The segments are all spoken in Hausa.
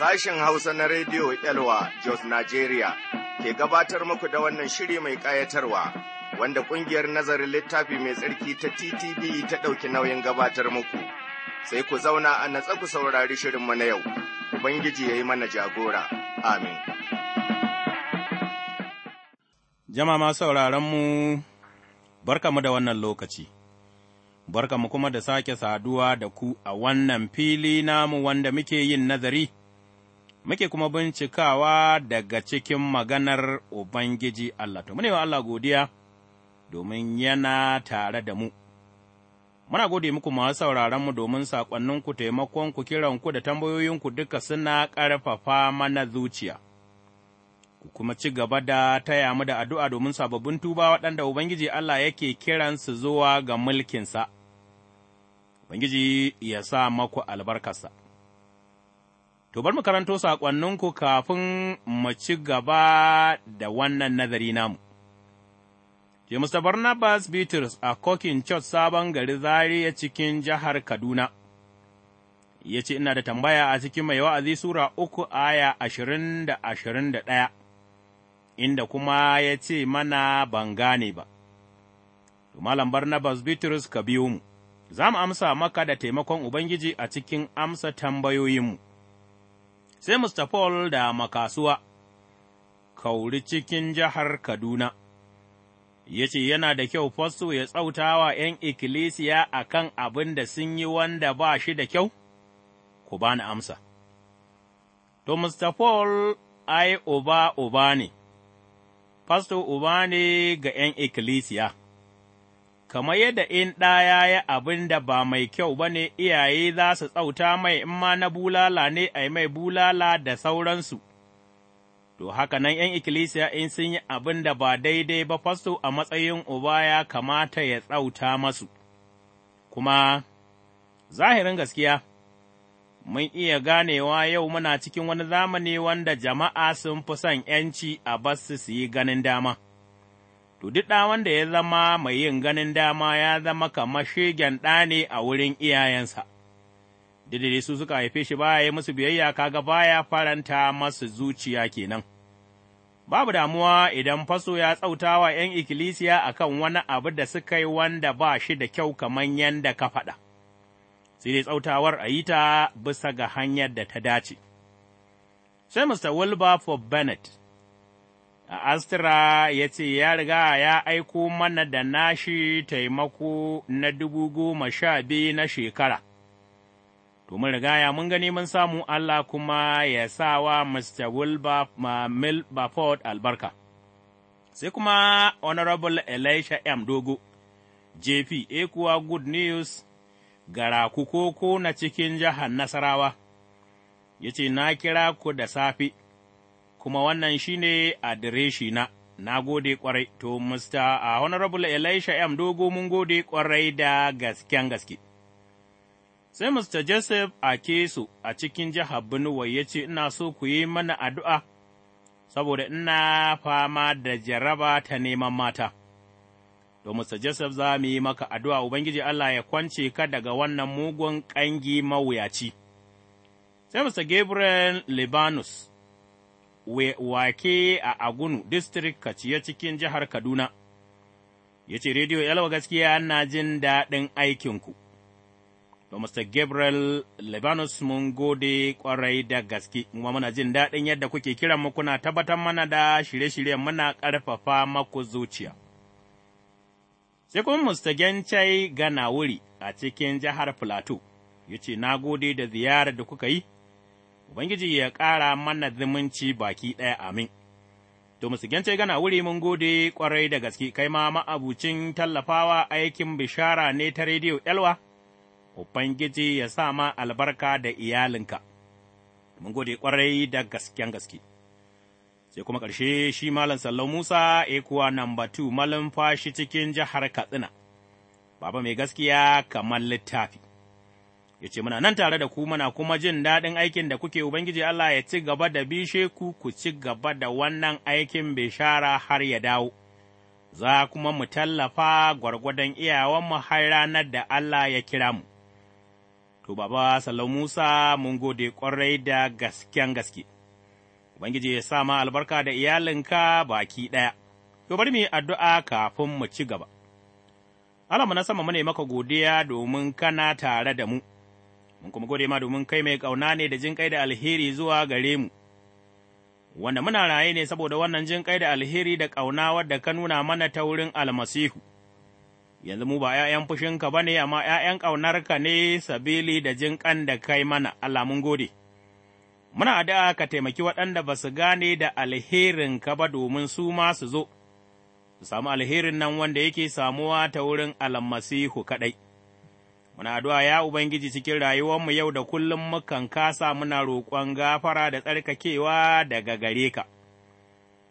Sashen Hausa na Rediyo Elwa Jos Nigeria ke gabatar muku da wannan shiri mai ƙayatarwa wanda ƙungiyar nazarin littafi mai tsarki ta TTB ta ɗauki nauyin gabatar muku. Sai ku zauna a natsa ku saurari shirinmu na yau, Ubangiji ya yi mana jagora. Amin. Jama ma sauraronmu, barkamu da wannan lokaci. Barkamu kuma da sake saduwa da ku a wannan fili namu wanda muke yin nazari. muke kuma bincikawa daga cikin maganar Ubangiji Allah, to, wa Allah godiya domin yana tare da mu. Muna gode muku masu mu domin saƙonninku, taimakonku, kiranku da tambayoyinku duka suna ƙarfafa mana zuciya. Ku kuma ci gaba da taya mu da addu'a domin sababbin tuba waɗanda Ubangiji Allah yake kiransu zuwa ga mulkinsa. Ubangiji ya sa maku albarkarsa. To bar mu karanto saƙonninku kafin mu ci gaba da wannan nazari namu. Mr. Barnabas Bitrus a cokin Church sabon gari Zaria cikin jihar Kaduna, ya ce, Ina da tambaya a cikin mai wa'azi Sura uku aya ashirin da ashirin da ɗaya, inda kuma ya ce mana ban gane ba. Malam Barnabas Bitrus ka biyo mu, za mu amsa maka da taimakon Ubangiji a cikin amsa tambayoyinmu. sai Mr. Paul da makasuwa, kauri cikin jihar Kaduna, ya ce yana da kyau fasto ya wa ’yan ikkilisiya a kan abin da sun yi wanda ba shi da kyau? Ku ba ni amsa. To, Mr. Paul ai, uba uba ne, fasto uba ne ga ’yan ikkilisiya. kamar yadda in ɗa ya abin da ba mai kyau ba ne iyaye za su tsauta mai in ma na bulala ne a mai bulala da sauransu. To haka nan ’yan ikkilisiya in sun yi abin da ba daidai ba fasto a matsayin uba ya kamata ya tsauta masu. Kuma, zahirin gaskiya, mun iya ganewa yau muna cikin wani zamani wanda jama'a sun fi son ’yanci a basu su yi ganin dama. to duk ɗa wanda ya zama mai yin ganin dama ya zama kamar shigen ɗa ne a wurin iyayensa. Didiri su suka haife shi baya yi musu biyayya kaga baya faranta masu zuciya kenan. Babu damuwa idan faso ya tsautawa ’yan ikkilisiya a kan wani abu da suka yi wanda ba shi da kyau kamar yadda ka faɗa, sai dai tsautawar a yi ta bisa ga hanyar da ta dace. Sai Mr. Wilberforce Bennett Astra ya ce ya riga ya aiko mana da nashi taimako na dubu goma sha biyu na shekara. To mun riga ya mun gani mun samu Allah kuma ya sa wa Mr. Wilberforce albarka. Sai kuma Honorable Elisha M. Dogo, JP, Ekuwa Good News, ku ko na cikin jihar Nasarawa, ya ce, Na kira ku da safe. kuma wannan shine adireshi na. Na gode kwarai, to Mr. Uh, Honorable Elisha M. Dogo mun gode kwarai da gasken gaske. Sai Mr. Joseph a Akeso a cikin jihar Benue ya ce, Ina so ku yi mana addu'a, saboda ina fama da jaraba ta neman mata. To, Mr. Joseph za mu yi maka addu'a, Ubangiji Allah ya kwance ka daga wannan mugun ƙangi mawuyaci. Sai Mr. Gabriel Libanus wake a Agunu District Kaciye cikin jihar Kaduna, ya ce, Rediyo Yalwa gaskiya na jin daɗin aikinku. To, Mr. Gabriel Lebanus mun gode ƙwarai da gaske, kuma muna jin daɗin yadda kuke kiran kuna tabbatar mana da shirye-shiryen muna ƙarfafa maku zuciya. Sai kuma Mr. Gencai Ganawuri a cikin jihar Plateau, ya ce, Na gode da ziyarar da kuka yi, Ubangiji ya ƙara mana zumunci baki ɗaya amin. To, musigance gana wuri mun gode ƙwarai da gaske, kai ma ma'abucin tallafawa aikin bishara ne ta rediyo ƴalwa, Ubangiji ya sa ma albarka da iyalinka. Mun gode ƙwarai da gasken gaske. Sai kuma ƙarshe shi Malam Sallau Musa, ekuwa namba 2 Malam fashi cikin jihar Katsina. Baba mai gaskiya kamar littafi. ya ce, Muna nan tare da ku muna kuma jin daɗin aikin da kuke Ubangiji Allah ya ci gaba da bishe ku ku ci gaba da wannan aikin bishara har ya dawo, za kuma mu tallafa gwargwadon iyawanmu har ranar da Allah ya kira mu. To, Baba Sallau Musa mun gode ƙwarai da gasken gaske, Ubangiji ya sa ma albarka da iyalinka baki ɗaya, to bari mu yi addu'a kafin mu ci gaba. Allah mu na sama mu ne maka godiya domin kana tare da mu. mun kuma gode ma domin kai mai ƙauna ne da jin ƙai da alheri zuwa gare mu, wanda muna raye ne saboda wannan jin ƙai da alheri da ƙauna wadda ka nuna mana ta wurin almasihu. Yanzu mu ba ’ya'yan fushinka ba ne, amma ’ya'yan ƙaunarka ne sabili da jin ƙan da kai mana, Allah mun gode. Muna da ka taimaki waɗanda ba su gane da alherin ka ba domin su ma su zo, su samu alherin nan wanda yake samuwa ta wurin almasihu kaɗai. Muna addu'a ya Ubangiji cikin rayuwarmu yau da kullum mukan kasa muna roƙon gafara da tsarkakewa daga gare ka.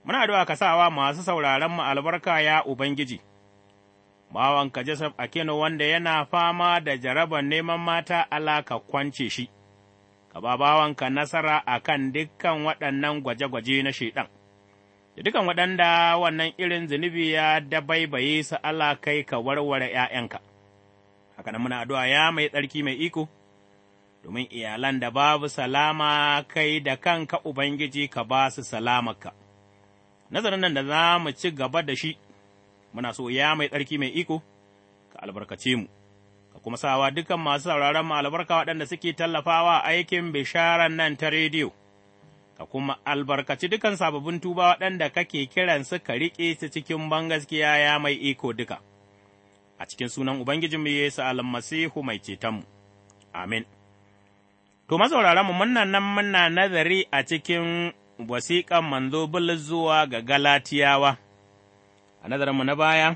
Muna addu'a ka sawa masu sauraron mu albarka ya Ubangiji, bawanka Joseph Akino wanda yana fama da jarabar neman mata alaka kwance shi, ka ba bawanka nasara a kan dukkan waɗannan gwaje-gwaje na Shaiɗan. Da dukan waɗanda wannan irin zunubi ya dabaibaye su Allah ka warware ’ya'yanka. haka nan muna addu'a ya mai tsarki mai iko, domin iyalan da babu salama kai da kanka Ubangiji ka ba su salamarka. Nazarin nan da za mu ci gaba da shi, muna so ya mai tsarki mai iko, ka albarkace mu. ka kuma sawa dukan masu sauraron mu albarka waɗanda suke tallafawa aikin bisharan nan ta rediyo, ka kuma albarkaci dukan sababbin tuba waɗanda kake kiran suka ka riƙe su cikin bangaskiya ya mai iko duka. a cikin sunan Ubangijinmu Yesu almasihu mai cetonmu. Amin. To, mu muna nan muna nazari a cikin wasiƙan manzo Bulus zuwa ga Galatiyawa, a nazarinmu na baya,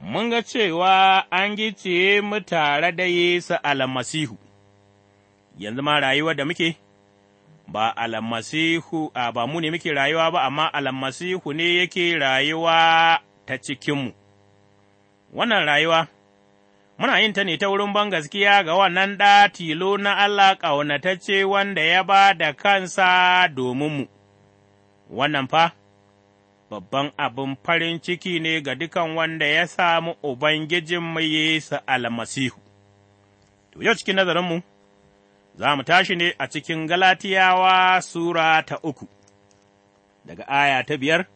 mun ga cewa an gice mu tare da Yesu almasihu, yanzu ma rayuwa da muke, ba almasihu, a ba mu ne muke rayuwa ba, amma almasihu ne yake rayuwa ta cikinmu. wannan rayuwa, muna yin ta ne ta wurin ban gaskiya ga wannan ɗa tilo na Allah ƙaunatacce wanda ya ba da kansa mu. wannan fa, babban abin farin ciki ne ga dukan wanda ya samu Ubangijin mai Yesu almasihu. To, yau cikin nazarinmu, za mu tashi ne a cikin Galatiyawa Sura ta uku, daga aya ta biyar,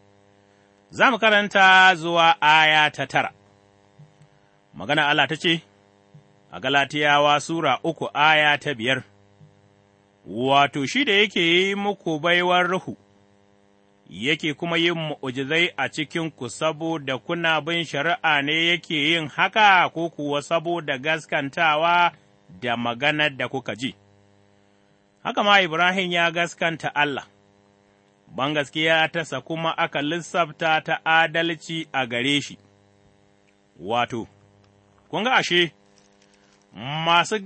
za mu karanta zuwa aya ta tara. Magana Allah ta ce, A Galatiyawa Sura uku aya ta biyar, wato, shi da yake yi muku baiwar ruhu, yake kuma yin mu'ujizai a cikinku saboda kuna bin shari'a ne yake yin haka ko kuwa saboda gaskantawa da maganar da kuka ji. Haka ma Ibrahim ya gaskanta Allah, bangaskiya tasa kuma aka lissafta ta adalci a gare shi, wato, kun ga ashe, masu,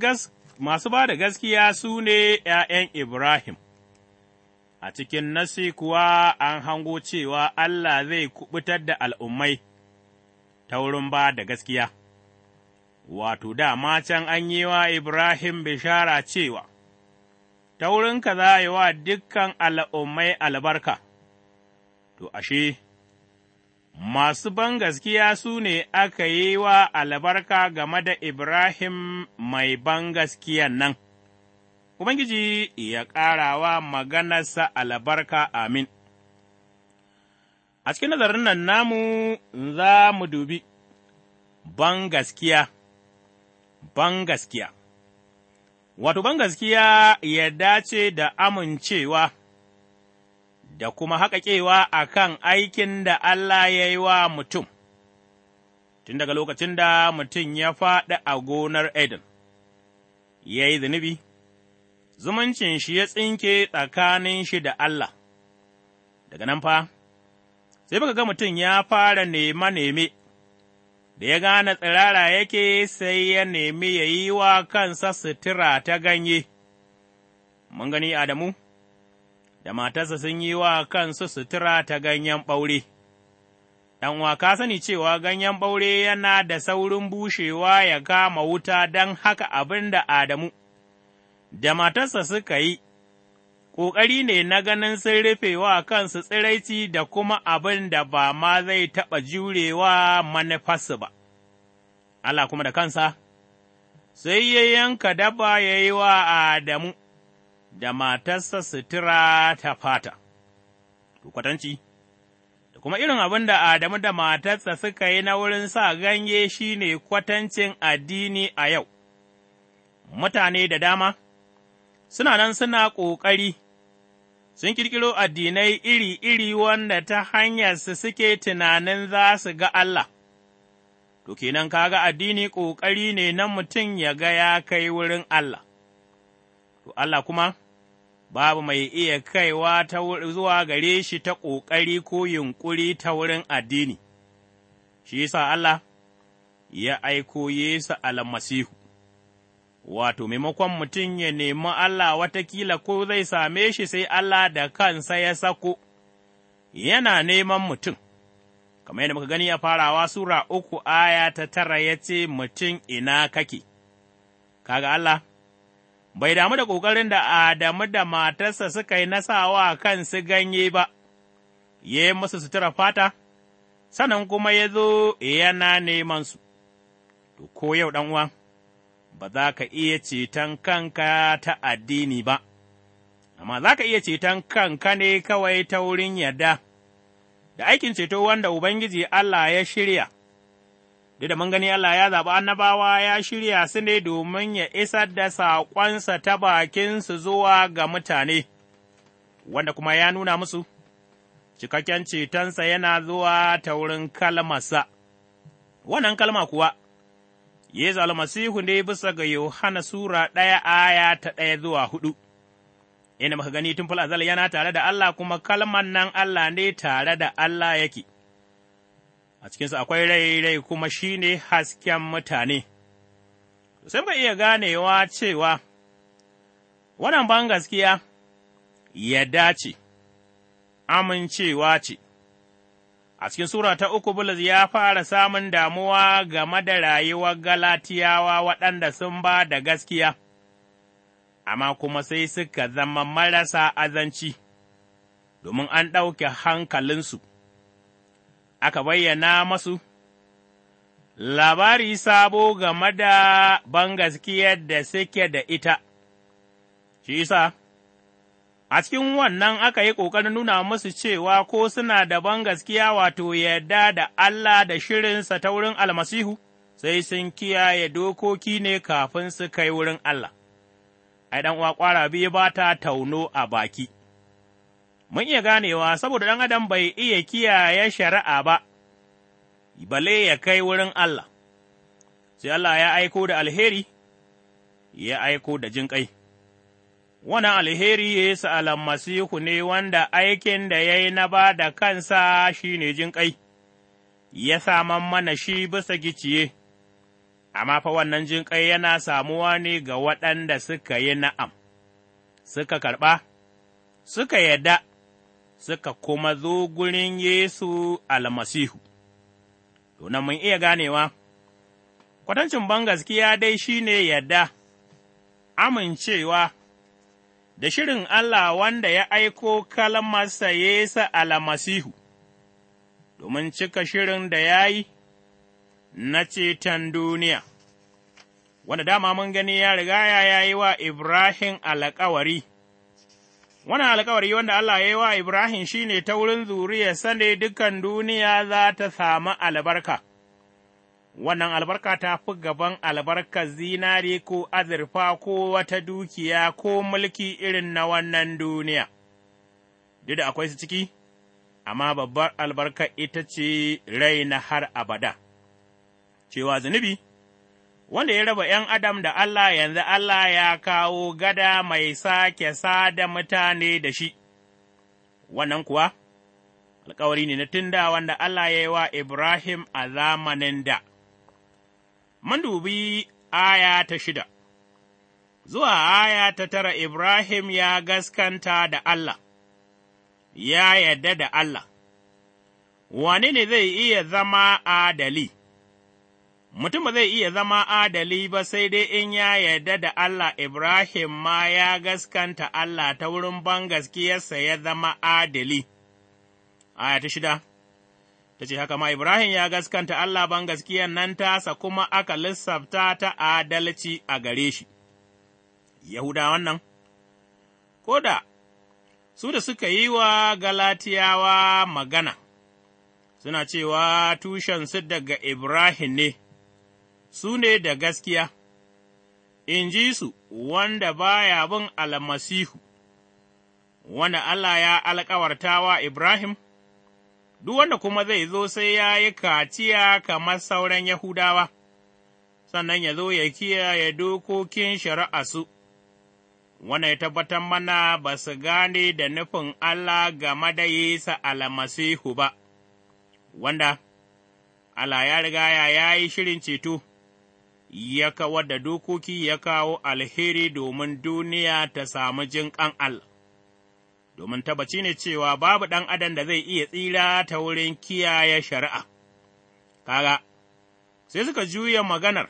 masu ba da gaskiya su ne ’ya'yan Ibrahim, a cikin nasi kuwa an hango cewa Allah zai kubutar da al'ummai ta wurin ba da gaskiya. Wato, da can an yi wa Ibrahim bishara cewa, Ta wurinka za a yi wa dukkan al'ummai albarka, to ashe, masu bangaskiya su ne aka yi wa albarka game da Ibrahim mai ban gaskiyan nan. Ubangiji ya ƙarawa maganarsa albarka amin. A cikin nazarin nan namu za mu dubi bangaskiya, bangaskiya. Wato, bangaskiya ya dace da amincewa. da kuma haƙaƙewa a kan aikin da Allah ya yi wa mutum, tun daga lokacin da mutum ya faɗi a gonar Eden, ya yi zunubi, zumuncin shi ya tsinke tsakanin shi da Allah, daga nan fa, sai baka ga mutum ya fara nema-neme, da ya gane tsirara yake sai ya nemi ya yi wa kansa sutura ta ganye, mun gani Adamu? da matarsa sun yi wa kansu sutura ta ganyen ɓaure. Ɗanwa ka sani cewa ganyen ɓaure yana da saurin bushewa ya kama wuta don haka abin da Adamu da matarsa suka yi, ƙoƙari ne na ganin sun rufe wa kansu tsiraici da kuma abin da ba ma zai taɓa jurewa manufarsu ba. Allah kuma da kansa, sai ya yanka daba ya yi wa Adamu, da matarsa sutura ta fata, to kwatanci, da kuma irin abin da Adamu da matarsa suka yi na wurin sa ganye shi ne kwatancin addini a yau, mutane da dama suna nan suna ƙoƙari. sun ƙirƙiro addinai iri-iri wanda ta hanyarsu suke tunanin za su ga Allah, to kenan kaga addini ƙoƙari ne na mutum ya ga ya kai wurin Allah, to Allah kuma babu mai iya kaiwa ta zuwa gare shi ta ƙoƙari ko yunƙuri ta wurin addini, shi yasa Allah ya aiko Yesu almasihu. Wato, maimakon mutum ya nemi Allah watakila ko zai same shi sai Allah da kansa ya sako, yana neman mutum, kamar yadda muka gani a farawa Sura uku aya ta tara ya ce, Mutum ina kake, kaga Allah. bai damu da ƙoƙarin da Adamu da matarsa suka yi nasawa kansu ganye ba, ya yi musu sutura fata, sannan kuma ya zo yana neman su. To, ko yau uwa, ba za ka iya ceton kanka ta addini ba, amma za ka iya ceton kanka ne kawai ta wurin yarda, da aikin ceto wanda Ubangiji Allah ya shirya. da mun gani Allah ya zaɓi annabawa ya shirya su ne domin ya isar da saƙonsa ta bakinsu zuwa ga mutane, wanda kuma ya nuna musu, cikakken cetonsa yana zuwa ta wurin kalmarsa. Wannan kalma kuwa, Yesu almasihu ne bisa ga Yohana Sura ɗaya aya ta ɗaya zuwa hudu Ina muka gani tun azal yana tare da Allah kuma kalman nan Allah ne tare da Allah yake. a cikinsu akwai rai rai kuma shi ne hasken mutane. Sai ba iya ganewa cewa wannan ban gaskiya Ya dace. amincewa ce. A cikin Sura ta uku Bulus ya fara samun damuwa game da rayuwar Galatiyawa waɗanda sun ba da gaskiya, amma kuma sai suka zama marasa azanci, domin an ɗauke hankalinsu. aka bayyana masu, labari sabo game da bangaskiyar da suke da ita, shi isa, a cikin wannan aka yi ƙoƙarin nuna musu cewa ko suna da bangaskiya wato yadda da Allah da shirinsa ta wurin almasihu, sai sun kiyaye dokoki ne kafin su kai wurin Allah. Ai, ɗan uwa ƙwara biyu ba ta tauno a baki. mun iya ganewa saboda ɗan adam bai iya kiyaye shari'a ba, bale ya kai wurin Allah, sai Allah ya aiko da alheri, ya aiko da jinƙai. Wannan alheri ya yi sa’alan Masihu ne wanda aikin da ya yi na ba da kansa shi ne jinƙai, ya saman mana shi bisa giciye, amma fa wannan jinƙai yana samuwa ne ga waɗanda suka yi na'am, suka karɓa, suka yarda. suka kuma zo gurin Yesu almasihu. Donan mun iya ganewa, kwatancin bangaskiya dai shi ne yadda, amincewa, da shirin Allah wanda ya aiko kalmarsa Yesu almasihu, domin cika shirin da ya yi na ceton duniya. Wanda dama mun gani ya riga ya yi wa Ibrahim alkawari. Wannan alkawari wanda Allah ya yi wa Ibrahim shi ne ta wurin zuriyarsa ne dukan duniya za ta samu albarka, wannan albarka ta fi gaban albarkar zinari ko azurfa ko wata dukiya ko mulki irin na wannan duniya, duk da akwai su ciki, amma babbar albarka ita ce rai na har abada, cewa zunubi. wanda ya raba ’yan Adam da Allah yanzu Allah ya kawo gada mai sake sada mutane da shi, wannan kuwa alkawari ne na tunda wanda Allah ya yi wa Ibrahim a zamanin da. Mun dubi aya ta shida, zuwa aya ta tara Ibrahim ya gaskanta da Allah, ya yarda da Allah, wani ne zai iya zama adali? mutum ba zai iya zama adali ba sai dai in ya yarda da Allah Ibrahim ma ya gaskanta Allah ta wurin bangaskiyarsa ya zama adali. Aya ta shida ta ce haka ma Ibrahim ya gaskanta Allah bangaskiyar nan tasa kuma aka lissafta ta adalci a gare shi. Yahuda wannan, ko da su da suka yi wa Galatiyawa magana, suna cewa tushensu daga Ibrahim ne. su ne da gaskiya, in ji su wanda baya bin almasihu, wanda Allah ya alkawartawa Ibrahim, duk wanda kuma zai zo sai ya yi kaciya kamar sauran Yahudawa, sannan ya zo ya kiyaye dokokin shari'asu. Wanda ya tabbatar mana ba su gane da nufin Allah game da Yesu almasihu ba, wanda Allah ya riga ya yi shirin ceto. ya kawar da dokoki ya kawo alheri domin duniya ta samu jinƙan Allah. Domin tabbaci ne cewa babu ɗan adam da zai iya tsira ta wurin kiyaye shari'a. Kaga, sai suka juya maganar,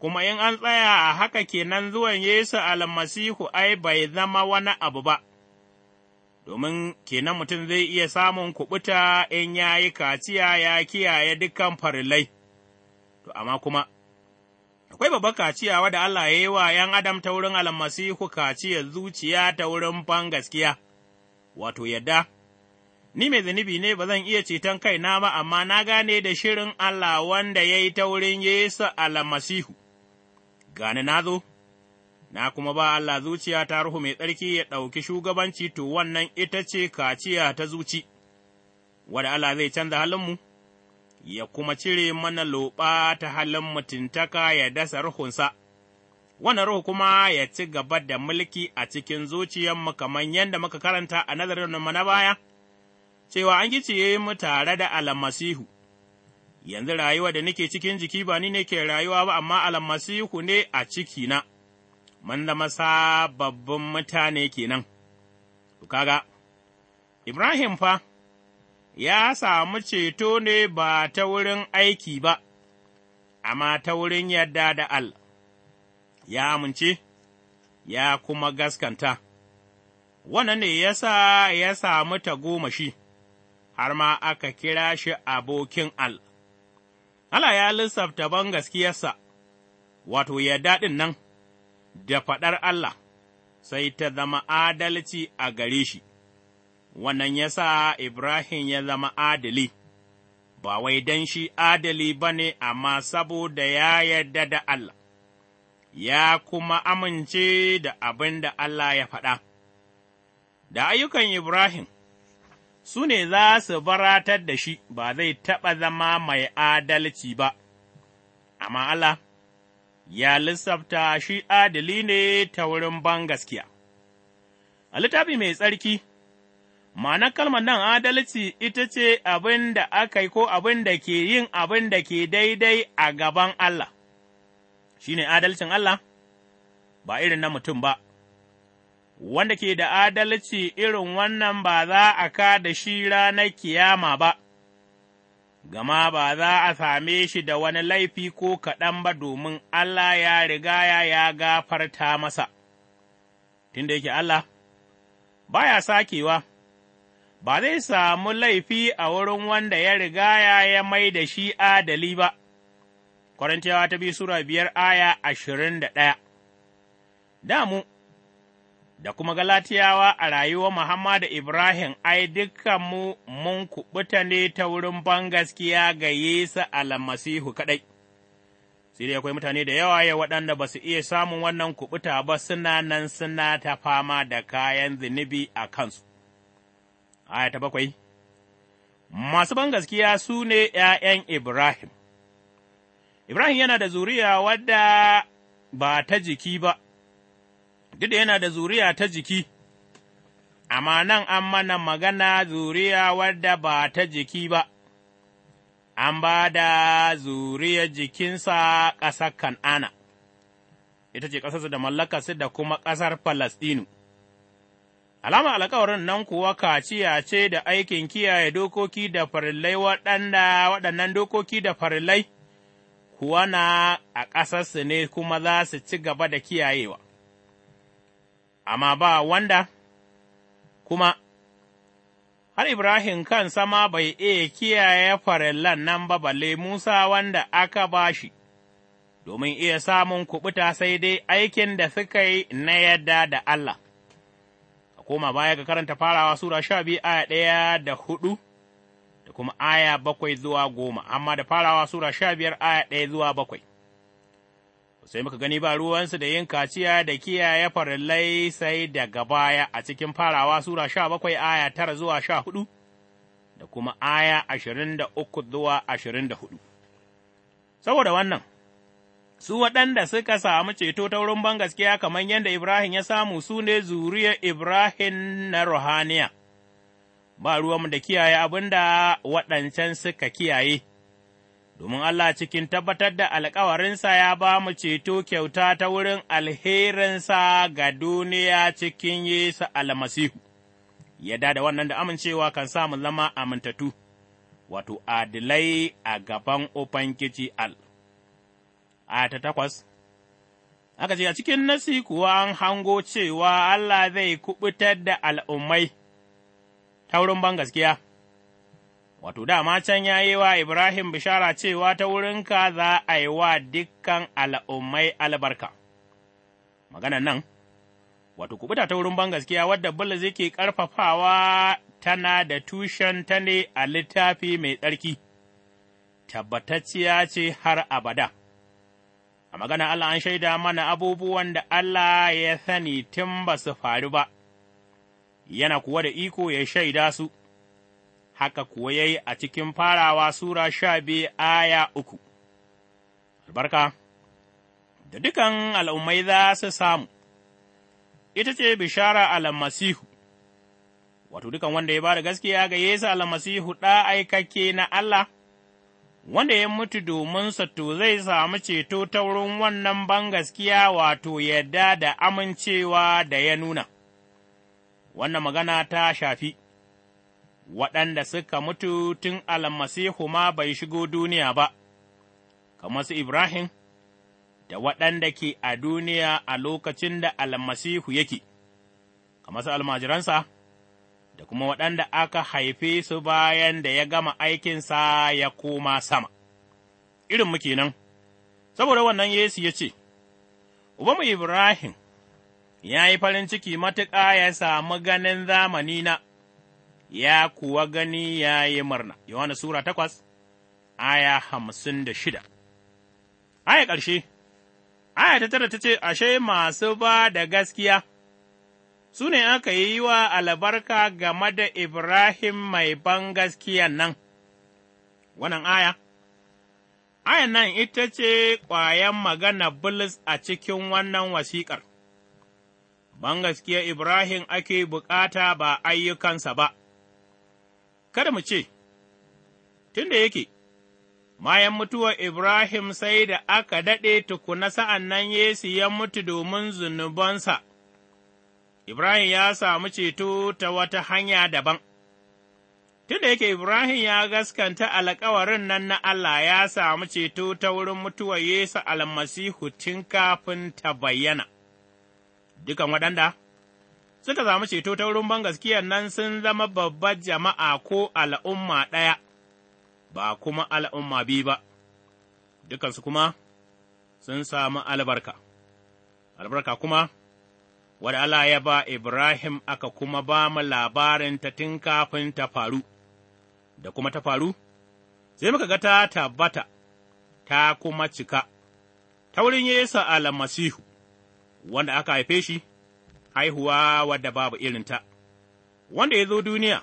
kuma in an tsaya a haka kenan zuwan Yesu almasihu ai bai zama wani abu ba. domin kenan mutum zai iya samun kuɓuta in ya yi kaciya ya kiyaye dukan farilai, to amma kuma Akwai babbar kaciya wadda Allah ya yi wa ’yan Adam ta wurin almasihu kaciyar zuciya ta wurin ban gaskiya, wato yadda, ni mai zunubi ne ba zan iya ceton kai na ba, amma na gane da shirin Allah wanda ya yi ta wurin Yesu almasihu. Gane na zo, na kuma ba Allah zuciya ta ruhu mai tsarki ya ɗauki shugabanci to wannan ita ce kaciya ta zuci, wadda Allah zai canza halinmu. mu. ya kuma cire mana loɓa ta halin mutuntaka ya dasa ruhunsa, wannan ruhu kuma ya ci gaba da mulki a cikin zuciyarmu kamar yadda muka karanta a nazarin na baya, cewa an giciye mu tare da almasihu. Yanzu rayuwa da nake cikin jiki ba ni ne ke rayuwa ba, amma almasihu ne a cikina, mun zama sababbin mutane kenan. kaga, Ibrahim fa. ya samu ceto ne ba ta wurin aiki ba, amma ta wurin yadda da Allah, ya amince, ya kuma gaskanta, wannan ne ya sa ya samu ta goma shi, har ma aka kira shi abokin al Allah ya lissafta ban gaskiyarsa, wato yadda daɗin nan, da faɗar Allah, sai ta zama adalci a gare shi. wannan ya sa Ibrahim ya zama adali, ba wai don shi adali ba ne, amma saboda ya yarda da Allah, ya kuma amince da abin da Allah ya faɗa. Da ayyukan Ibrahim, su ne za su baratar da shi, ba zai taɓa zama mai adalci ba, amma Allah ya lissafta shi adali ne ta wurin gaskiya. A littafi mai tsarki, Ma'anar kalmar nan adalci ita ce abin da aka yi ko abin da ke yin abin da ke daidai a gaban Allah, shi ne adalcin Allah, ba irin na mutum ba, wanda ke da adalci irin wannan ba za a ka da shi ranar kiyama ba, gama ba za a same shi da wani laifi ko kaɗan ba domin Allah ya riga ya gafarta masa, tunda yake Allah, ba ya sakewa. ba zai samu laifi a wurin wanda ya riga ya mai da shi adali ba. Korintiyawa ta biyu Sura biyar aya ashirin da ɗaya Damu da kuma Galatiyawa a rayuwa Muhammad da Ibrahim, ai, dukkanmu mun kuɓuta ne ta wurin bangaskiya ga Yesu almasihu kaɗai. Sai dai akwai mutane da yawa ya waɗanda ba su iya samun wannan kuɓuta ba suna nan suna ta fama da kayan zunubi a kansu. aya ta bakwai, masu bangaskiya su ne ’ya'yan Ibrahim. Ibrahim yana da zuriya wadda ba ta jiki ba, duk da yana da zuriya ta jiki, amma nan an mana magana zuriya wadda ba ta jiki ba, an ba da zuriya jikinsa ƙasar Kan'ana, ita ce ƙasarsa da mallakarsa da kuma ƙasar Falasɗinu. Alama alkawarin nan kuwa kaciya ce da aikin kiyaye dokoki da farillai waɗanda waɗannan dokoki da farillai kuwa na a ƙasarsu ne kuma za su ci gaba da kiyayewa, amma ba wanda kuma har Ibrahim kan sama bai iya kiyaye farillan nan ba balle Musa wanda aka ba shi, domin iya samun kuɓuta sai dai aikin da suka yi na yadda da Allah. koma baya ga karanta farawa Sura sha biyu aya ɗaya da hudu da kuma aya bakwai zuwa goma, amma da farawa Sura sha biyar aya ɗaya zuwa bakwai. Sai muka gani ba ruwansu da yin kaciya da kiyaye farillai sai daga baya a cikin farawa Sura sha bakwai aya tara zuwa sha hudu da kuma aya ashirin da uku zuwa ashirin da hudu. Saboda wannan, su waɗanda suka samu ceto ta wurin bangaskiya kamar yadda Ibrahim ya samu su ne zuriyar Ibrahim na ruhaniya, ba ruwanmu da kiyaye abin da waɗancan suka kiyaye, domin Allah cikin tabbatar da alkawarinsa ya ba mu ceto kyauta ta wurin alherinsa ga duniya cikin Yesu almasihu, yadda da wannan da amincewa kan samun zama amintattu, wato adilai a gaban Ubangiji Allah. a ta takwas. Aka ce, A cikin nasi kuwa an hango cewa Allah zai kuɓutar da al'ummai ta wurin bangaskiya. Wato, dama can ya yi wa Ibrahim bishara cewa ta wurinka za a yi wa dukkan al'ummai albarka. Maganan nan, wato, kuɓuta ta wurin bangaskiya wadda Bulus yake ƙarfafawa tana da tushen ta ne a littafi mai tsarki, tabbatacciya ce har abada. a magana Allah an shaida mana abubuwan da Allah ya sani tun ba su faru ba, yana kuwa da iko ya shaida su, haka kuwa ya a cikin farawa Sura sha biyu aya uku. Albarka, da dukan al'ummai za su samu, ita ce bishara almasihu wato dukan wanda ya ba da gaskiya ga Yesu almasihu ɗa aikake na Allah. wanda ya mutu dominsa to zai samu ceto ta wurin wannan gaskiya wato yadda da amincewa da ya nuna. Wannan magana ta shafi, waɗanda suka mutu tun almasihu ma bai shigo duniya ba, kamar su Ibrahim, da waɗanda ke a duniya a lokacin da almasihu yake, kamar su almajiransa. da kuma waɗanda aka haife su bayan da ya gama aikinsa ya koma sama. Irin muke nan, saboda wannan Yesu ya ce, Ubanmu Ibrahim ya yi farin ciki matuƙa ya samu ganin zamani na, ya kuwa gani ya yi murna. Yohana Sura takwas, aya hamsin da shida. Aya ƙarshe, aya ta tara ta ce, Ashe masu ba da gaskiya. su ne aka yi wa albarka game da Ibrahim mai gaskiya nan, wannan aya. Aya nan ita ce ƙwayan magana Bulus a cikin wannan wasiƙar, bangaskiyar Ibrahim ake bukata ba ayyukansa ba, kada mu ce, tun da yake, bayan mutuwar Ibrahim sai da aka daɗe tukuna sa'an nan Yesu ya mutu domin zunubansa, Ibrahim ya samu ceto ta wata hanya daban. Tunda yake Ibrahim ya gaskanta alkawarin nan na Allah ya samu ceto ta wurin mutuwar Yesu almasihu tun kafin ta bayyana, dukan waɗanda suka samu ceto ta wurin bangaskiyar nan sun zama babbar jama'a ko al'umma ɗaya, ba kuma al'umma biyu ba, dukansu kuma sun samu albarka, albarka kuma wadda Allah ya ba Ibrahim aka kuma ba mu labarin ta tun kafin ta faru, da kuma ta faru, sai muka ga ta tabbata, ta kuma cika, ta wurin Yesu almasihu wanda aka haife shi, haihuwa wadda babu irinta, wanda ya zo duniya,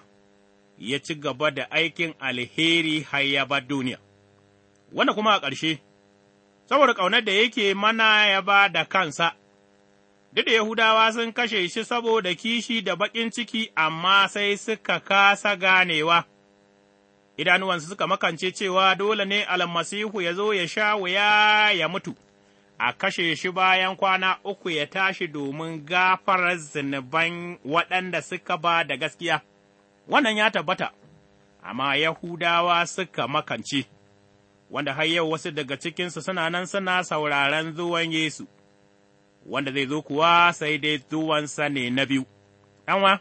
ya ci gaba da aikin alheri har ya ba duniya, wanda kuma a ƙarshe, saboda ƙaunar da yake mana ya ba da kansa. Duk Yahudawa sun kashe shi saboda kishi da baƙin ciki, amma sai suka kasa ganewa. Idanuwansu suka makance cewa dole ne almasihu ya zo ya sha wuya ya mutu, a kashe shi bayan kwana uku ya tashi domin gafarar zunuban waɗanda suka ba da gaskiya. Wannan ya tabbata, amma Yahudawa suka makance, wanda har yau wasu daga cikinsu suna nan suna sauraren zuwan Yesu. wanda zai zo kuwa sai dai zuwansa ne na biyu, ɗanwa,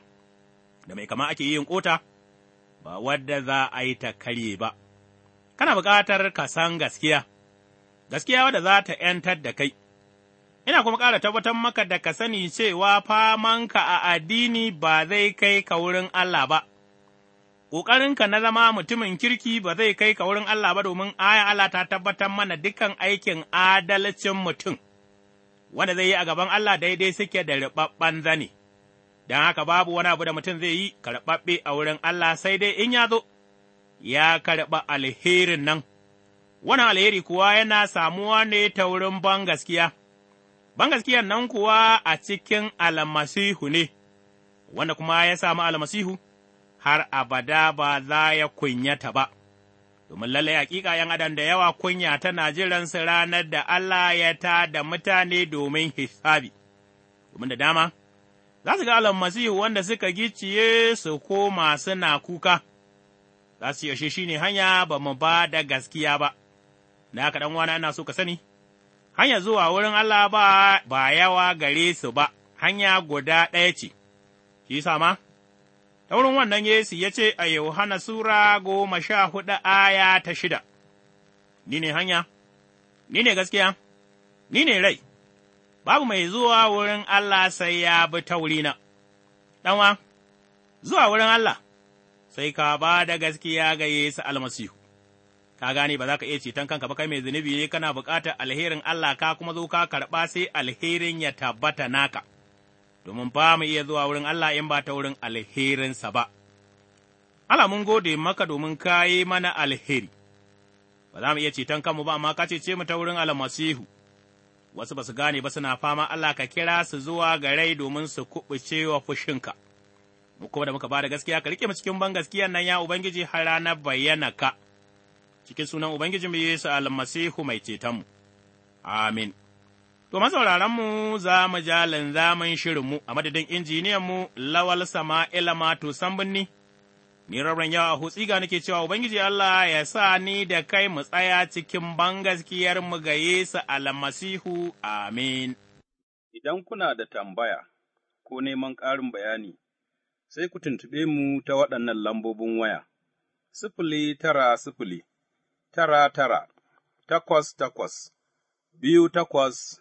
da mai kama ake yin ƙota, ba wadda za a yi ta karye ba, kana buƙatar ka san gaskiya, gaskiya wadda za ta ’yantar da kai, ina kuma ƙara tabbatar maka da ka sani cewa famanka a addini ba zai kai ka wurin Allah ba. ƙoƙarinka na zama mutumin kirki ba zai kai ka wurin Allah ba domin aya Allah ta tabbatar mana dukan aikin adalcin mutum. wanda zai yi a gaban Allah daidai suke da riɓaɓɓen zane, don haka babu wani abu da mutum zai yi karɓaɓɓe a wurin Allah sai dai in ya zo, ya karɓa alherin nan, wannan alheri kuwa yana samuwa ne ta wurin bangaskiya, bangaskiyan nan kuwa a cikin almasihu ne, wanda kuma ya samu almasihu har abada ba za ya kunyata ba. domin lallai hakika ’yan adam da yawa kunya tana jiransu ranar da Allah ya ta da mutane domin hisabi, domin da dama, za su ga Allahn Masihu wanda suka gicciye su koma suna kuka, za su yaushe shi ne hanya ba mu ba da gaskiya ba, na kaɗan, ɗan ana so ka sani, hanya zuwa wurin Allah ba, yawa gare su ba, hanya guda ɗaya ce, shi ma, ta wurin wannan Yesu ya ce a Yohana Sura goma sha hudu aya ta shida, Ni ne hanya, ni ne gaskiya, ni ne rai, babu mai zuwa wurin Allah sai ya bi ta wurina, ɗanwa, zuwa wurin Allah, sai ka ba da gaskiya ga Yesu almasihu. Ka gane ba za ka iya ceton kanka ba kai mai zunubi ne kana bukatar alherin Allah ka kuma zo ka karɓa sai alherin ya tabbata naka. domin ba mu iya zuwa wurin Allah in ba ta wurin alherinsa ba. Allah mun gode maka domin ka yi mana alheri, ba za mu iya ceton kanmu ba, amma ka cece mu ta wurin almasihu. Wasu ba su gane ba suna fama Allah ka kira su zuwa ga rai domin su kuɓuce wa fushinka. Mu kuma da muka ba da gaskiya ka rike mu cikin ban gaskiya nan ya Ubangiji har ranar bayyana ka. Cikin sunan Ubangijinmu Yesu almasihu mai cetonmu. Amin. To, masauraranmu za mu ja linzamin shirinmu a madadin injiniyanmu Lawal Sama'ila Mato Sambunni, ni rabin yawa hutsi ga nake cewa Ubangiji Allah ya sa ni da kai mu tsaya cikin bangaskiyar mu ga Yesu almasihu amin. Idan kuna da tambaya ko neman ƙarin bayani, sai ku tuntuɓe mu ta waɗannan lambobin waya, sifili tara sifili, tara tara, takwas takwas, biyu takwas